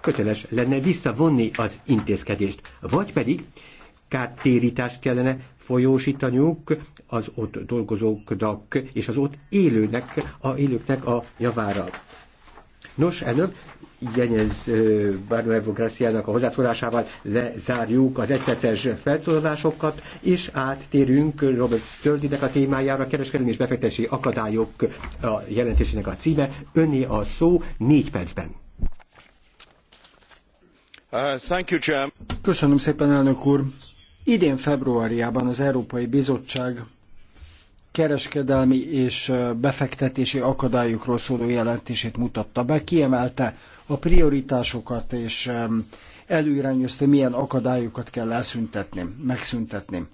köteles lenne visszavonni az intézkedést, vagy pedig kártérítást kellene folyósítaniuk az ott dolgozóknak és az ott élőnek, a élőknek a javára. Nos, elnök, Jenyez Barnuevo Graciának a hozzászólásával lezárjuk az egyperces felszólalásokat, és áttérünk Robert Stöldinek a témájára, kereskedelmi és befektetési akadályok a jelentésének a címe, öné a szó négy percben. Uh, Köszönöm szépen, elnök úr. Idén februárjában az Európai Bizottság kereskedelmi és uh, befektetési akadályokról szóló jelentését mutatta be, kiemelte a prioritásokat és um, előirányozta, milyen akadályokat kell elszüntetni, megszüntetni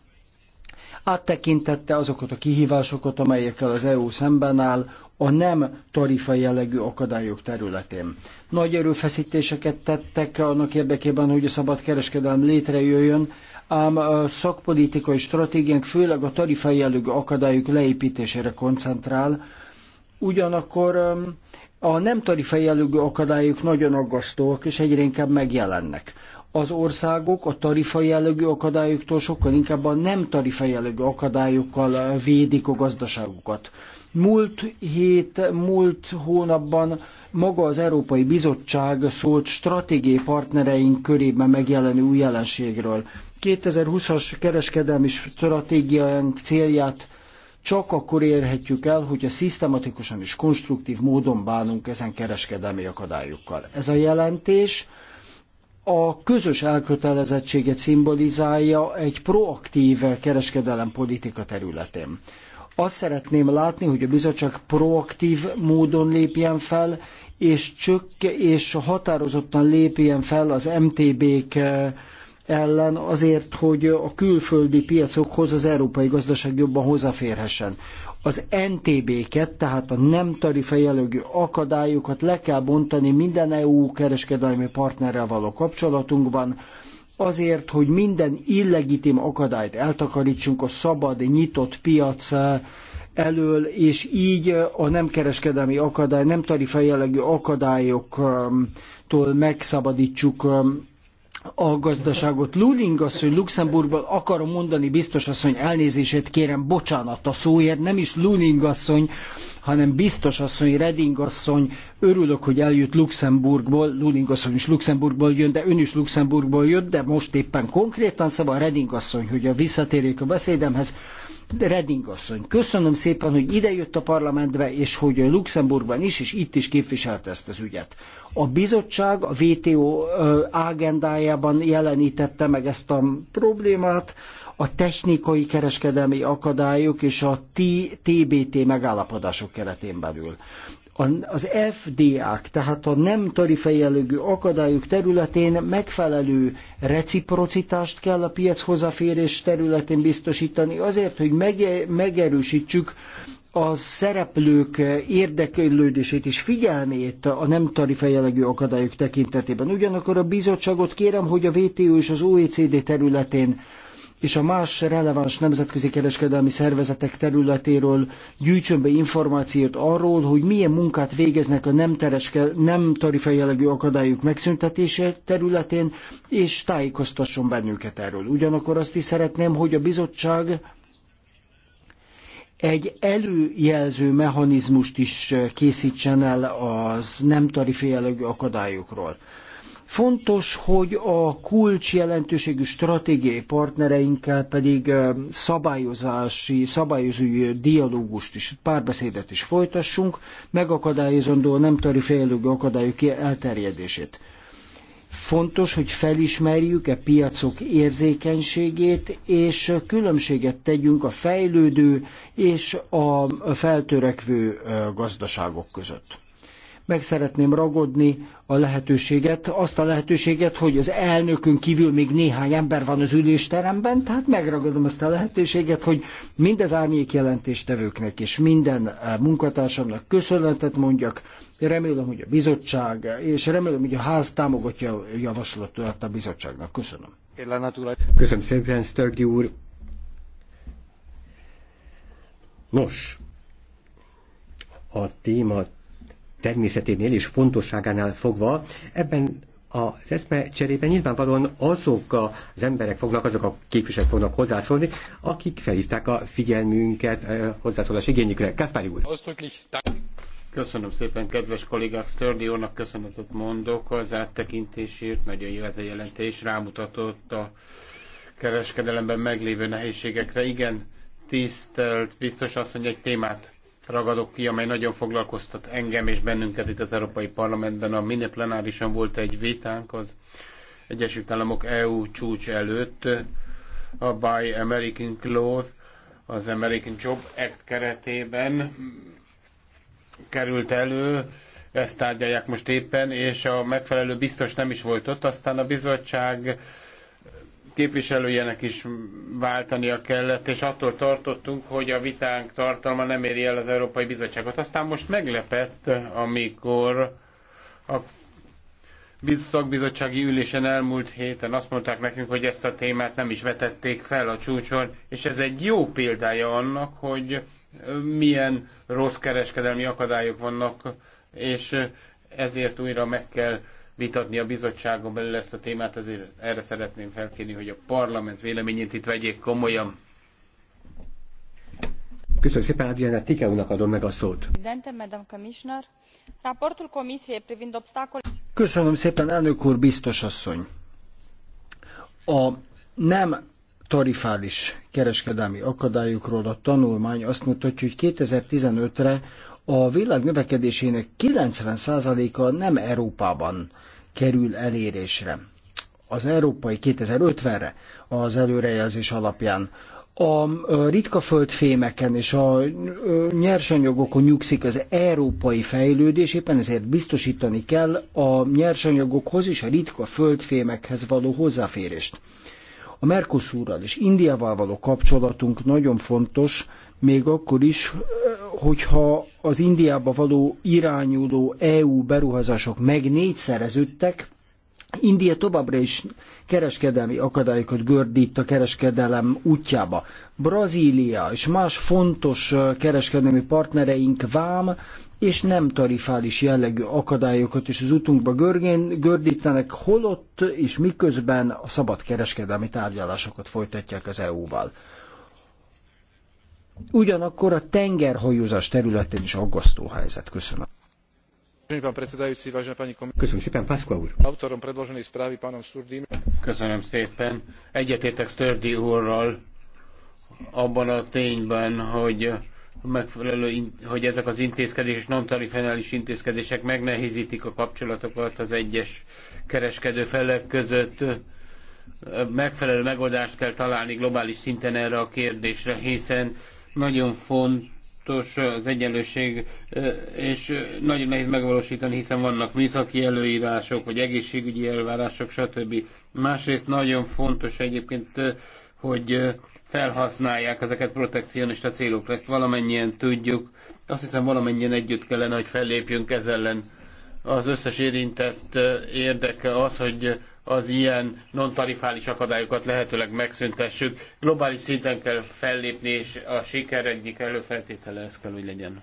áttekintette azokat a kihívásokat, amelyekkel az EU szemben áll a nem tarifa jellegű akadályok területén. Nagy erőfeszítéseket tettek annak érdekében, hogy a szabadkereskedelem létrejöjjön, ám a szakpolitikai stratégiánk főleg a tarifa jellegű akadályok leépítésére koncentrál, ugyanakkor a nem tarifai jellegű akadályok nagyon aggasztóak, és egyre inkább megjelennek az országok a tarifa jellegű akadályoktól sokkal inkább a nem tarifa jellegű akadályokkal védik a gazdaságukat. Múlt hét, múlt hónapban maga az Európai Bizottság szólt stratégiai partnereink körében megjelenő új jelenségről. 2020-as kereskedelmi stratégiánk célját csak akkor érhetjük el, hogyha szisztematikusan és konstruktív módon bánunk ezen kereskedelmi akadályokkal. Ez a jelentés a közös elkötelezettséget szimbolizálja egy proaktív kereskedelempolitika területén. Azt szeretném látni, hogy a bizottság proaktív módon lépjen fel, és, csök, és határozottan lépjen fel az MTB-k ellen azért, hogy a külföldi piacokhoz az európai gazdaság jobban hozzáférhessen az NTB-ket, tehát a nem tarifa jellegű akadályokat le kell bontani minden EU kereskedelmi partnerrel való kapcsolatunkban, azért, hogy minden illegitim akadályt eltakarítsunk a szabad, nyitott piac eh, elől, és így eh, a nem kereskedelmi akadály, nem tarifa jellegű akadályoktól eh, megszabadítsuk a gazdaságot. Luling asszony Luxemburgban akarom mondani, biztos asszony elnézését kérem, bocsánat a szóért, nem is Luling asszony, hanem biztos asszony, Reding asszony, örülök, hogy eljött Luxemburgból, Luling asszony is Luxemburgból jön, de ön is Luxemburgból jött, de most éppen konkrétan, szóval Reding asszony, hogy a visszatérjék a beszédemhez, Reding asszony, köszönöm szépen, hogy idejött a parlamentbe, és hogy Luxemburgban is, és itt is képviselte ezt az ügyet. A bizottság a WTO agendájában jelenítette meg ezt a problémát, a technikai kereskedelmi akadályok és a TBT megállapodások keretén belül az FDA-k, tehát a nem tarifajellegű akadályok területén megfelelő reciprocitást kell a piac hozzáférés területén biztosítani, azért, hogy mege- megerősítsük a szereplők érdeklődését és figyelmét a nem tarifajellegű akadályok tekintetében. Ugyanakkor a bizottságot kérem, hogy a WTO és az OECD területén és a más releváns nemzetközi kereskedelmi szervezetek területéről gyűjtsön be információt arról, hogy milyen munkát végeznek a nem, tereske, nem tarifa jellegű akadályok megszüntetése területén, és tájékoztasson bennünket erről. Ugyanakkor azt is szeretném, hogy a bizottság egy előjelző mechanizmust is készítsen el az nem tarifa jellegű akadályokról. Fontos, hogy a kulcs jelentőségű stratégiai partnereinkkel pedig szabályozási, szabályozói dialógust is, párbeszédet is folytassunk, megakadályozandó a nem tarifejelögő akadályok elterjedését. Fontos, hogy felismerjük e piacok érzékenységét, és különbséget tegyünk a fejlődő és a feltörekvő gazdaságok között meg szeretném ragadni a lehetőséget, azt a lehetőséget, hogy az elnökünk kívül még néhány ember van az ülésteremben, tehát megragadom ezt a lehetőséget, hogy mindez árnyék jelentéstevőknek és minden eh, munkatársamnak köszönetet mondjak. Remélem, hogy a bizottság, és remélem, hogy a ház támogatja a javaslatot a bizottságnak. Köszönöm. Köszönöm szépen, Sztörgyi úr. Nos, a témát természeténél és fontosságánál fogva, ebben az eszme cserében nyilvánvalóan azok az emberek fognak, azok a képviselők fognak hozzászólni, akik felhívták a figyelmünket eh, hozzászólás igényükre. Kaspari úr! Köszönöm szépen, kedves kollégák, Sturdy úrnak köszönetet mondok az áttekintésért, nagyon jó ez a jelentés, rámutatott a kereskedelemben meglévő nehézségekre. Igen, tisztelt biztos asszony egy témát ragadok ki, amely nagyon foglalkoztat engem és bennünket itt az Európai Parlamentben. A mini plenárisan volt egy vitánk az Egyesült Államok EU csúcs előtt, a Buy American Clothes, az American Job Act keretében került elő, ezt tárgyalják most éppen, és a megfelelő biztos nem is volt ott, aztán a bizottság képviselőjének is váltania kellett, és attól tartottunk, hogy a vitánk tartalma nem éri el az Európai Bizottságot. Aztán most meglepett, amikor a szakbizottsági ülésen elmúlt héten azt mondták nekünk, hogy ezt a témát nem is vetették fel a csúcson, és ez egy jó példája annak, hogy milyen rossz kereskedelmi akadályok vannak, és ezért újra meg kell vitatni a bizottságon belül ezt a témát, ezért erre szeretném felkérni, hogy a parlament véleményét itt vegyék komolyan. Köszönöm szépen, Adriana Tikeunak adom meg a szót. Köszönöm szépen, elnök úr, biztos asszony. A nem tarifális kereskedelmi akadályokról a tanulmány azt mutatja, hogy 2015-re a világ növekedésének 90%-a nem Európában kerül elérésre. Az európai 2050-re az előrejelzés alapján a ritka földfémeken és a nyersanyagokon nyugszik az európai fejlődés, éppen ezért biztosítani kell a nyersanyagokhoz és a ritka földfémekhez való hozzáférést. A Mercosurral és Indiával való kapcsolatunk nagyon fontos, még akkor is, eh, hogyha az Indiába való irányuló EU beruházások meg négyszereződtek, India továbbra is kereskedelmi akadályokat gördít a kereskedelem útjába. Brazília és más fontos eh, kereskedelmi partnereink vám és nem tarifális jellegű akadályokat is az utunkba görgén, gördítenek, holott és miközben a szabad kereskedelmi tárgyalásokat folytatják az EU-val. Ugyanakkor a tengerhajózás területén is aggasztó helyzet. Köszönöm. Köszönöm szépen, Pászkva úr. Autorom predloženej správy pánom Sturdim. Köszönöm szépen. Egyetértek Sturdy úrral abban a tényben, hogy megfelelő, hogy ezek az intézkedések, non tarifenális intézkedések megnehezítik a kapcsolatokat az egyes kereskedő felek között. Megfelelő megoldást kell találni globális szinten erre a kérdésre, hiszen nagyon fontos az egyenlőség, és nagyon nehéz megvalósítani, hiszen vannak műszaki előírások, vagy egészségügyi elvárások, stb. Másrészt nagyon fontos egyébként hogy felhasználják ezeket protekcionista célokra. Ezt valamennyien tudjuk. Azt hiszem valamennyien együtt kellene, hogy fellépjünk ez ellen. Az összes érintett érdeke az, hogy az ilyen non-tarifális akadályokat lehetőleg megszüntessük. Globális szinten kell fellépni, és a siker egyik előfeltétele ez kell, hogy legyen.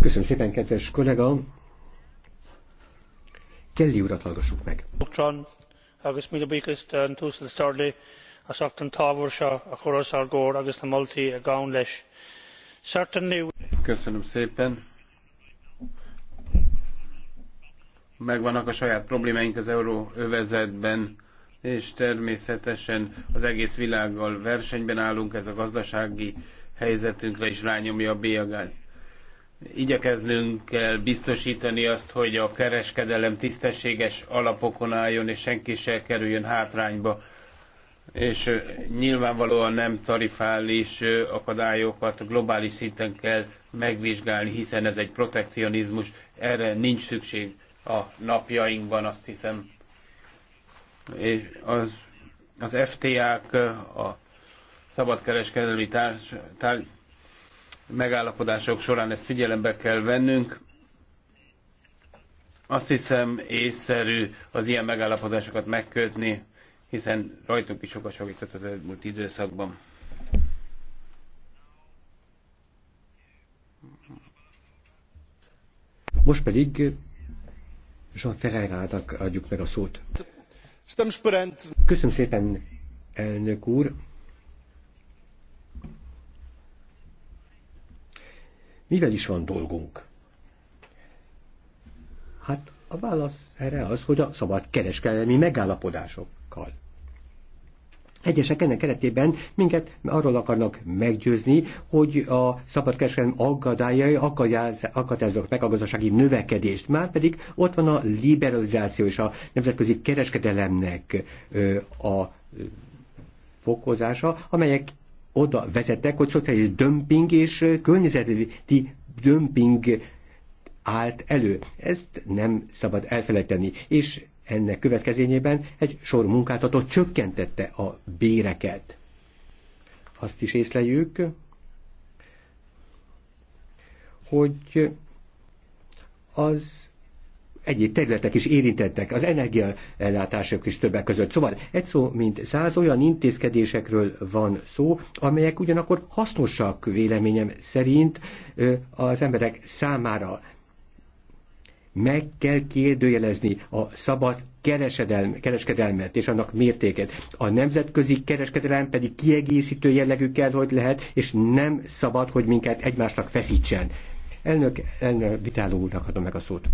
Köszönöm szépen, kedves kollega. Kelly urat hallgassuk meg. agus mi eh, a bíkis an túsal stardi a szoktan távol a koraszal gór agus multi a gán Certainly... Köszönöm szépen. Megvannak a saját problémáink az euróövezetben és természetesen az egész világgal versenyben állunk, ez a gazdasági helyzetünkre is rányomja a bélyagát igyekeznünk kell biztosítani azt, hogy a kereskedelem tisztességes alapokon álljon, és senki se kerüljön hátrányba és nyilvánvalóan nem tarifális akadályokat globális szinten kell megvizsgálni, hiszen ez egy protekcionizmus, erre nincs szükség a napjainkban, azt hiszem. És az, az FTA-k, a szabadkereskedelmi társ, tár, megállapodások során ezt figyelembe kell vennünk. Azt hiszem észszerű az ilyen megállapodásokat megkötni, hiszen rajtunk is sokat segített az elmúlt időszakban. Most pedig Jean Ferreira-nak adjuk meg a szót. Köszönöm szépen, elnök úr. Mivel is van dolgunk? Hát a válasz erre az, hogy a szabad kereskedelmi megállapodásokkal. Egyesek ennek keretében minket arról akarnak meggyőzni, hogy a kereskedelem aggadályai akadályozzák meg a gazdasági növekedést. Márpedig ott van a liberalizáció és a nemzetközi kereskedelemnek a fokozása, amelyek oda vezettek, hogy szociális dömping és környezeti dömping állt elő. Ezt nem szabad elfelejteni, és ennek következényében egy sor munkáltató csökkentette a béreket. Azt is észleljük, hogy az egyéb területek is érintettek, az energiaellátások is többek között. Szóval egy szó, mint száz olyan intézkedésekről van szó, amelyek ugyanakkor hasznosak véleményem szerint az emberek számára. Meg kell kérdőjelezni a szabad kereskedelm, kereskedelmet és annak mértéket. A nemzetközi kereskedelem pedig kiegészítő jellegű kell, hogy lehet, és nem szabad, hogy minket egymásnak feszítsen. Elnök, elnök Vitáló úrnak adom meg a szót.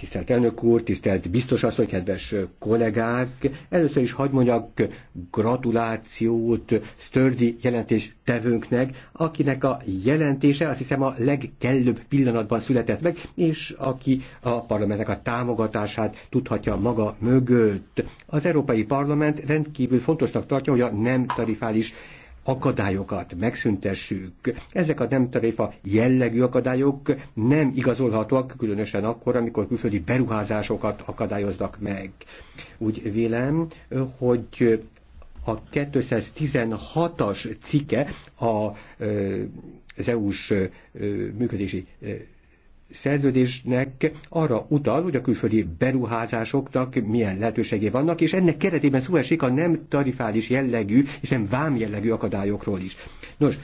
Tisztelt elnök úr, tisztelt biztos asszony, kedves kollégák! Először is hagyd mondjak gratulációt Stördi jelentés tevőnknek, akinek a jelentése azt hiszem a legkellőbb pillanatban született meg, és aki a parlamentnek a támogatását tudhatja maga mögött. Az Európai Parlament rendkívül fontosnak tartja, hogy a nem tarifális akadályokat megszüntessük. Ezek a nem tarifa jellegű akadályok nem igazolhatóak, különösen akkor, amikor külföldi beruházásokat akadályoznak meg. Úgy vélem, hogy a 216-as cikke a, az EU-s működési szerződésnek arra utal, hogy a külföldi beruházásoknak milyen lehetőségé vannak, és ennek keretében szó esik a nem tarifális jellegű és nem vám jellegű akadályokról is. Nos,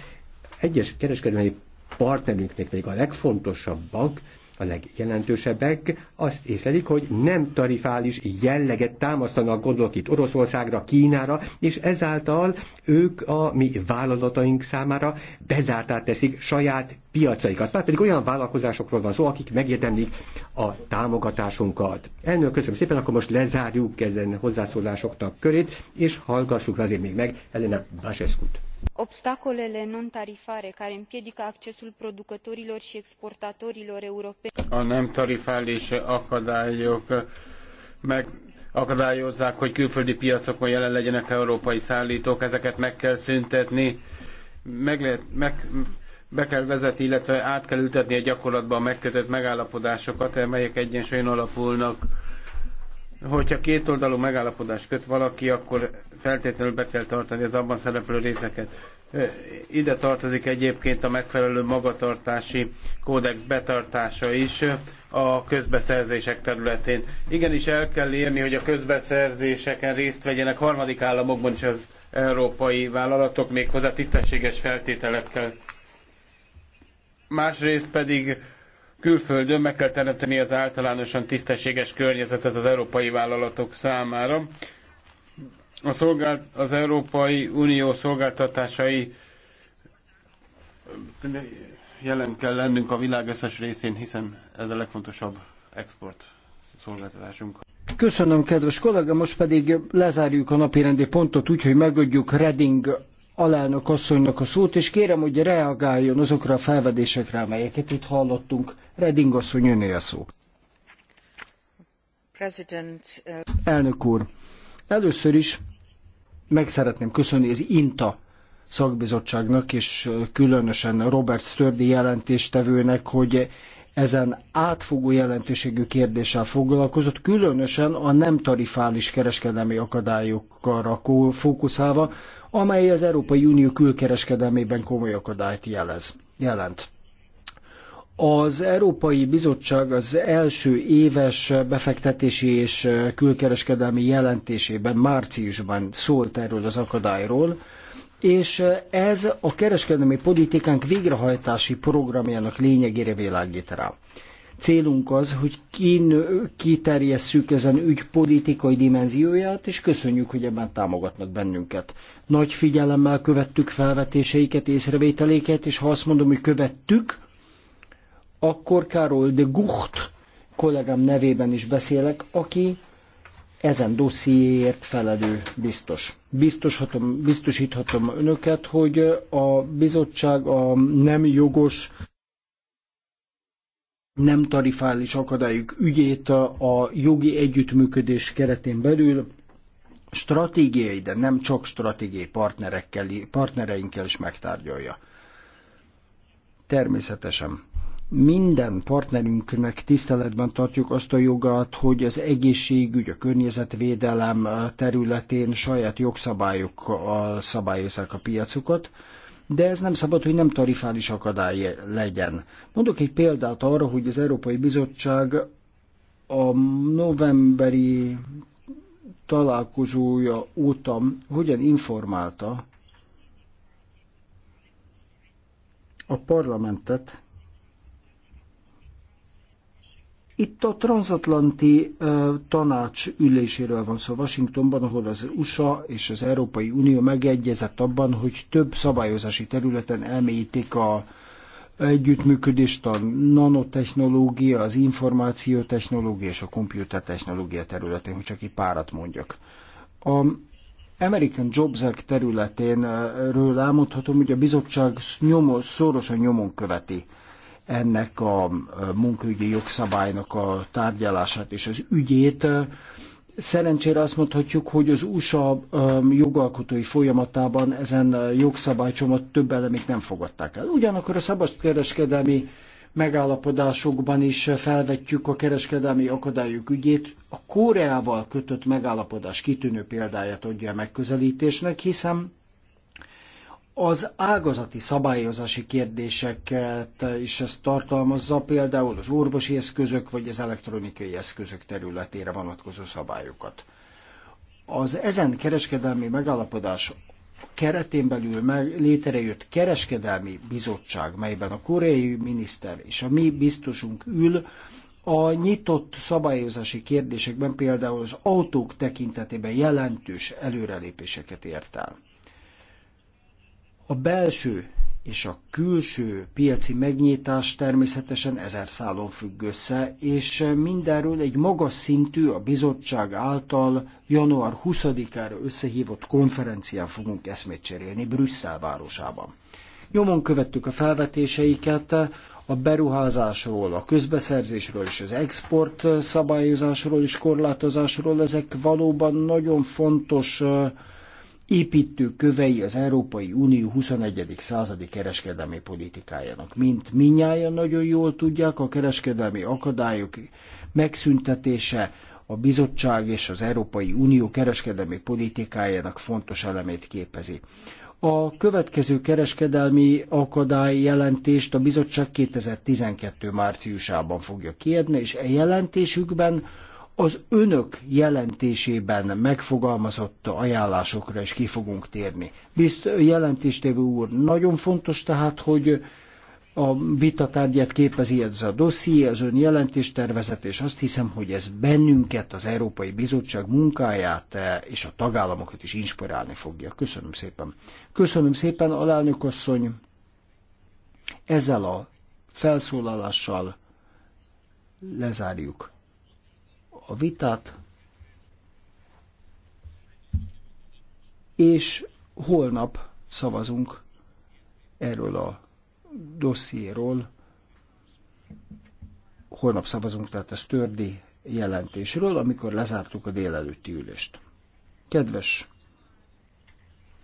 egyes kereskedelmi partnerünknek még a legfontosabbak, a legjelentősebbek azt észlelik, hogy nem tarifális jelleget támasztanak, gondolok itt Oroszországra, Kínára, és ezáltal ők a mi vállalataink számára bezártá teszik saját piacaikat. Már pedig olyan vállalkozásokról van szó, akik megérdemlik a támogatásunkat. Elnök, köszönöm szépen, akkor most lezárjuk ezen hozzászólásoknak körét, és hallgassuk azért még meg Elena Baseszkut obstacolele non tarifare care împiedică accesul producătorilor i exportatorilor europeni a nem tarifális akadályok meg akadályozzák, hogy külföldi piacokon jelen legyenek európai szállítók, ezeket meg kell szüntetni, meg, lehet, meg be kell vezetni, illetve át kell ültetni a gyakorlatban megkötött megállapodásokat, amelyek egyensúlyon alapulnak hogyha kétoldalú oldalú megállapodást köt valaki, akkor feltétlenül be kell tartani az abban szereplő részeket. Ide tartozik egyébként a megfelelő magatartási kódex betartása is a közbeszerzések területén. Igenis el kell érni, hogy a közbeszerzéseken részt vegyenek harmadik államokban is az európai vállalatok méghozzá tisztességes feltételekkel. Másrészt pedig külföldön meg kell teremteni az általánosan tisztességes környezetet az európai vállalatok számára. A szolgált, az Európai Unió szolgáltatásai jelen kell lennünk a világ összes részén, hiszen ez a legfontosabb export szolgáltatásunk. Köszönöm, kedves kollega, most pedig lezárjuk a napirendi pontot úgy, hogy megadjuk Reding alelnök asszonynak a szót, és kérem, hogy reagáljon azokra a felvedésekre, amelyeket itt hallottunk. Reding asszony, a szó. Uh, Elnök úr, először is meg szeretném köszönni az INTA szakbizottságnak, és uh, különösen Robert Stördi jelentéstevőnek, hogy ezen átfogó jelentőségű kérdéssel foglalkozott, különösen a nem tarifális kereskedelmi akadályokra fókuszálva, amely az Európai Unió külkereskedelmében komoly akadályt jelez, jelent. Az Európai Bizottság az első éves befektetési és külkereskedelmi jelentésében márciusban szólt erről az akadályról, és ez a kereskedelmi politikánk végrehajtási programjának lényegére világít rá. Célunk az, hogy kin, kiterjesszük ezen ügy politikai dimenzióját, és köszönjük, hogy ebben támogatnak bennünket. Nagy figyelemmel követtük felvetéseiket, észrevételéket, és ha azt mondom, hogy követtük, akkor Karol de Gucht kollégám nevében is beszélek, aki ezen dossziéért felelő biztos. Biztoshatom, biztosíthatom önöket, hogy a bizottság a nem jogos, nem tarifális akadályok ügyét a jogi együttműködés keretén belül stratégiai, de nem csak stratégiai partnerekkel, partnereinkkel is megtárgyalja. Természetesen minden partnerünknek tiszteletben tartjuk azt a jogát, hogy az egészségügy, a környezetvédelem területén saját jogszabályokkal szabályozzák a piacukat, de ez nem szabad, hogy nem tarifális akadály legyen. Mondok egy példát arra, hogy az Európai Bizottság a novemberi találkozója óta hogyan informálta a parlamentet Itt a transatlanti tanács üléséről van szó Washingtonban, ahol az USA és az Európai Unió megegyezett abban, hogy több szabályozási területen elmélyítik a együttműködést a nanotechnológia, az információtechnológia és a komputertechnológia területén, hogy csak egy párat mondjak. A American Jobs Act területénről elmondhatom, hogy a bizottság nyomo, szorosan nyomon követi ennek a munkaügyi jogszabálynak a tárgyalását és az ügyét. Szerencsére azt mondhatjuk, hogy az USA um, jogalkotói folyamatában ezen jogszabálycsomat több elemét nem fogadták el. Ugyanakkor a szabadkereskedelmi megállapodásokban is felvetjük a kereskedelmi akadályok ügyét. A Koreával kötött megállapodás kitűnő példáját adja a megközelítésnek, hiszen az ágazati szabályozási kérdéseket is ez tartalmazza, például az orvosi eszközök vagy az elektronikai eszközök területére vonatkozó szabályokat. Az ezen kereskedelmi megállapodás keretén belül meg létrejött kereskedelmi bizottság, melyben a koreai miniszter és a mi biztosunk ül, a nyitott szabályozási kérdésekben például az autók tekintetében jelentős előrelépéseket ért el. A belső és a külső piaci megnyitás természetesen ezer szálon függ össze, és mindenről egy magas szintű a bizottság által január 20-ára összehívott konferencián fogunk eszmét cserélni Brüsszel városában. Nyomon követtük a felvetéseiket a beruházásról, a közbeszerzésről és az export szabályozásról és korlátozásról. Ezek valóban nagyon fontos uh, építő kövei az Európai Unió 21. századi kereskedelmi politikájának. Mint minnyáján nagyon jól tudják, a kereskedelmi akadályok megszüntetése a bizottság és az Európai Unió kereskedelmi politikájának fontos elemét képezi. A következő kereskedelmi akadály jelentést a bizottság 2012. márciusában fogja kiadni, és e jelentésükben az önök jelentésében megfogalmazott ajánlásokra is ki fogunk térni. Bizt, jelentéstevő úr, nagyon fontos tehát, hogy a vitatárgyát képezi ez a dosszié, az ön jelentéstervezet, és azt hiszem, hogy ez bennünket, az Európai Bizottság munkáját eh, és a tagállamokat is inspirálni fogja. Köszönöm szépen. Köszönöm szépen, alelnök asszony. Ezzel a felszólalással lezárjuk a vitát, és holnap szavazunk erről a dossziéról. Holnap szavazunk tehát a Stördi jelentésről, amikor lezártuk a délelőtti ülést. Kedves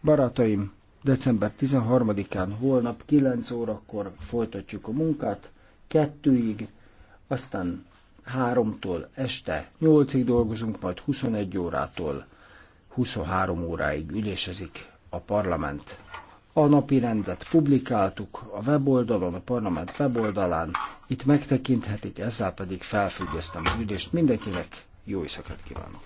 barátaim, december 13-án holnap 9 órakor folytatjuk a munkát, kettőig, aztán 3-tól este 8-ig dolgozunk, majd 21 órától 23 óráig ülésezik a parlament. A napi rendet publikáltuk a weboldalon, a parlament weboldalán, itt megtekinthetik, ezzel pedig felfüggesztem az ülést. Mindenkinek jó éjszakát kívánok!